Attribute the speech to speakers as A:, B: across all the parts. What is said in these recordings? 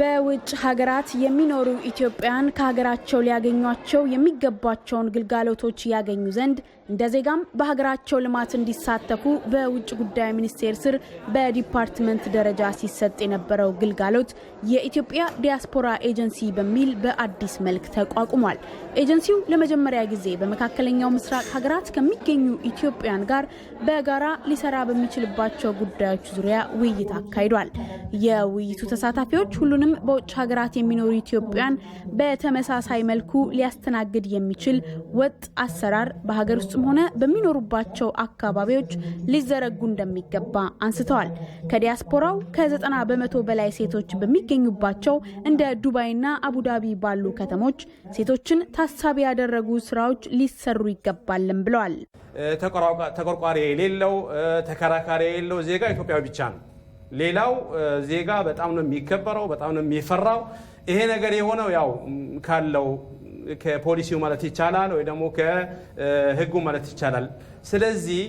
A: በውጭ ሀገራት የሚኖሩ ኢትዮጵያን ከሀገራቸው ሊያገኟቸው የሚገባቸውን ግልጋሎቶች ያገኙ ዘንድ እንደ ዜጋም በሀገራቸው ልማት እንዲሳተፉ በውጭ ጉዳይ ሚኒስቴር ስር በዲፓርትመንት ደረጃ ሲሰጥ የነበረው ግልጋሎት የኢትዮጵያ ዲያስፖራ ኤጀንሲ በሚል በአዲስ መልክ ተቋቁሟል። ኤጀንሲው ለመጀመሪያ ጊዜ በመካከለኛው ምስራቅ ሀገራት ከሚገኙ ኢትዮጵያን ጋር በጋራ ሊሰራ በሚችልባቸው ጉዳዮች ዙሪያ ውይይት አካሂዷል። የውይይቱ ተሳታፊዎች ሁሉንም በውጭ ሀገራት የሚኖሩ ኢትዮጵያን በተመሳሳይ መልኩ ሊያስተናግድ የሚችል ወጥ አሰራር በሀገር ውስጥ ውስጥም ሆነ በሚኖሩባቸው አካባቢዎች ሊዘረጉ እንደሚገባ አንስተዋል። ከዲያስፖራው ከ90 በመቶ በላይ ሴቶች በሚገኙባቸው እንደ ዱባይና አቡዳቢ ባሉ ከተሞች ሴቶችን ታሳቢ ያደረጉ ስራዎች ሊሰሩ ይገባልን ብለዋል።
B: ተቆርቋሪ የሌለው ተከራካሪ የሌለው ዜጋ ኢትዮጵያዊ ብቻ ነው። ሌላው ዜጋ በጣም ነው የሚከበረው፣ በጣም ነው የሚፈራው። ይሄ ነገር የሆነው ያው ካለው ከፖሊሲው ማለት ይቻላል ወይ ደግሞ ከህጉ ማለት ይቻላል። ስለዚህ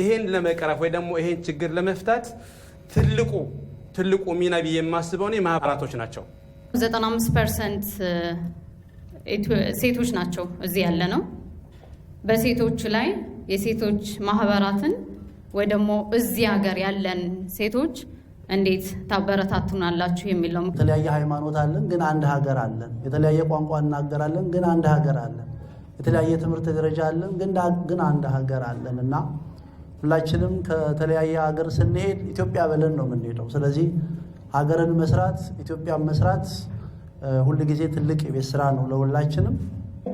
B: ይሄን ለመቅረፍ ወይ ደግሞ ይሄን ችግር ለመፍታት ትልቁ ትልቁ ሚና ብዬ የማስበው እኔ ማህበራቶች ናቸው።
C: 95 ፐርሰንት ሴቶች ናቸው እዚህ ያለ ነው። በሴቶች ላይ የሴቶች ማህበራትን ወይ ደግሞ እዚህ ሀገር ያለን ሴቶች እንዴት ታበረታቱናላችሁ የሚለው
D: የተለያየ ሃይማኖት አለን ግን አንድ ሀገር አለን። የተለያየ ቋንቋ እናገራለን ግን አንድ ሀገር አለን። የተለያየ ትምህርት ደረጃ አለን ግን አንድ ሀገር አለን እና ሁላችንም ከተለያየ ሀገር ስንሄድ ኢትዮጵያ በለን ነው የምንሄደው። ስለዚህ ሀገርን መስራት ኢትዮጵያን መስራት ሁልጊዜ ትልቅ የቤት ስራ ነው ለሁላችንም።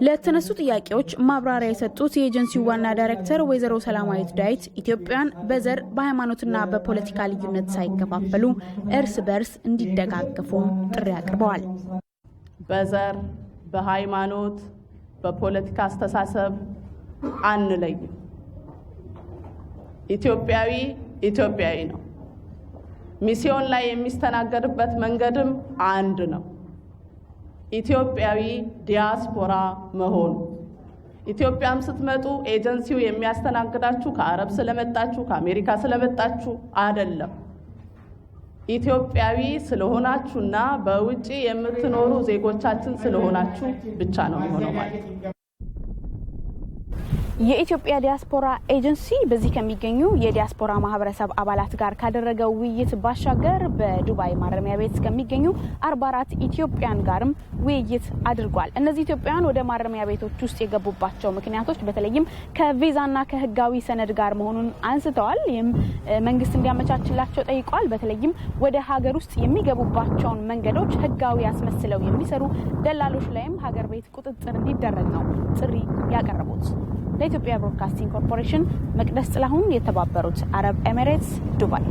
A: ለተነሱ ጥያቄዎች ማብራሪያ የሰጡት የኤጀንሲው ዋና ዳይሬክተር ወይዘሮ ሰላማዊት ዳዊት ኢትዮጵያን በዘር በሃይማኖትና በፖለቲካ ልዩነት ሳይከፋፈሉ እርስ በርስ እንዲደጋገፉ ጥሪ አቅርበዋል።
E: በዘር በሃይማኖት በፖለቲካ አስተሳሰብ አንለይም። ኢትዮጵያዊ ኢትዮጵያዊ ነው። ሚስዮን ላይ የሚስተናገድበት መንገድም አንድ ነው። ኢትዮጵያዊ ዲያስፖራ መሆኑ ኢትዮጵያም ስትመጡ ኤጀንሲው የሚያስተናግዳችሁ ከአረብ ስለመጣችሁ ከአሜሪካ ስለመጣችሁ አይደለም። ኢትዮጵያዊ ስለሆናችሁና በውጪ የምትኖሩ ዜጎቻችን ስለሆናችሁ ብቻ ነው የሚሆነው ማለት ነው።
A: የኢትዮጵያ ዲያስፖራ ኤጀንሲ በዚህ ከሚገኙ የዲያስፖራ ማህበረሰብ አባላት ጋር ካደረገው ውይይት ባሻገር በዱባይ ማረሚያ ቤት ከሚገኙ 44 ኢትዮጵያን ጋርም ውይይት አድርጓል። እነዚህ ኢትዮጵያውያን ወደ ማረሚያ ቤቶች ውስጥ የገቡባቸው ምክንያቶች በተለይም ከቪዛና ከህጋዊ ሰነድ ጋር መሆኑን አንስተዋል። ይህም መንግስት እንዲያመቻችላቸው ጠይቋል። በተለይም ወደ ሀገር ውስጥ የሚገቡባቸውን መንገዶች ህጋዊ አስመስለው የሚሰሩ ደላሎች ላይም ሀገር ቤት ቁጥጥር እንዲደረግ ነው ጥሪ ያቀረቡት። ለኢትዮጵያ ብሮድካስቲንግ ኮርፖሬሽን መቅደስ ጥላሁን፣ የተባበሩት አረብ ኤሜሬትስ ዱባይ